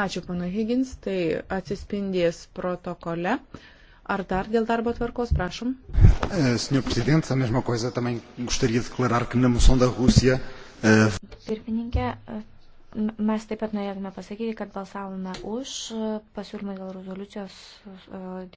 Ačiū, pana Higgins, tai atsispindės protokole. Ar dar dėl darbo tvarkos, prašom? E, senhor Presidente, a mesma coisa também gostaria de declarar que na moção da Rússia. E, Pirmininkė, e, mes taip pat norėtume pasakyti, kad balsavome už pasiūlymą dėl rezoliucijos